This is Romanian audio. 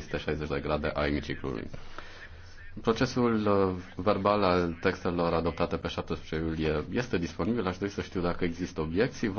360 de grade a emiciclului. Procesul uh, verbal al textelor adoptate pe 17 iulie este disponibil. Aș dori să știu dacă există obiecții.